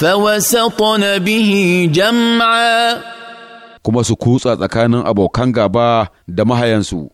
فوسطن به جمعا kuma su kutsa tsakanin abokan gaba da mahayansu